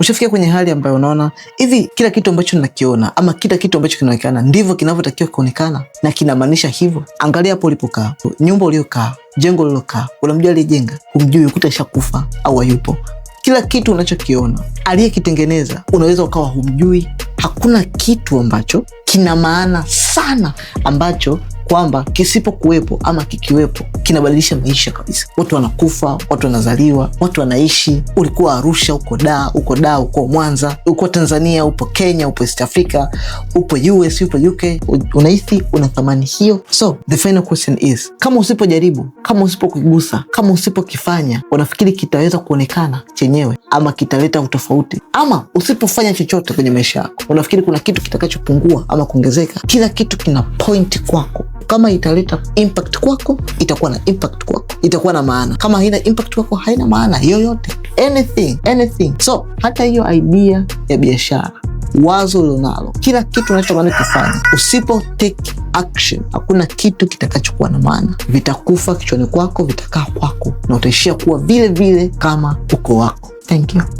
Ushafikia kwenye hali ambayo unaona hivi kila kitu ambacho nakiona ama kila kitu ambacho kinaonekana ndivyo kinavyotakiwa kuonekana na kinamaanisha hivyo? Angalia hapo ulipokaa, nyumba uliokaa, jengo ulilokaa, unamjua aliyejenga? Humjui, ukuta ishakufa au hayupo. Kila kitu unachokiona aliyekitengeneza unaweza ukawa humjui. Hakuna kitu ambacho kina maana sana ambacho kwamba kisipokuwepo ama kikiwepo kinabadilisha maisha kabisa. Watu wanakufa, watu wanazaliwa, watu wanaishi. Ulikuwa Arusha, uko da, uko da, uko Mwanza, uko Tanzania, upo Kenya, upo East Africa, upo US, upo UK, unahisi una thamani hiyo. So the final question is, kama usipojaribu, kama usipokigusa, kama usipokifanya, unafikiri kitaweza kuonekana chenyewe ama kitaleta utofauti? Ama usipofanya chochote kwenye maisha yako, unafikiri kuna kitu kitakachopungua ama kuongezeka? Kila kitu kina pointi kwako. Kama italeta impact kwako, itakuwa na impact kwako, itakuwa na maana. Kama haina impact kwako, haina maana yoyote, anything anything. So hata hiyo idea ya biashara wazo ulionalo, kila kitu unachotamani kufanya, usipo take action, hakuna kitu kitakachokuwa na maana. Vitakufa kichwani kwako, vitakaa kwako, na utaishia kuwa vile vile kama uko wako. Thank you.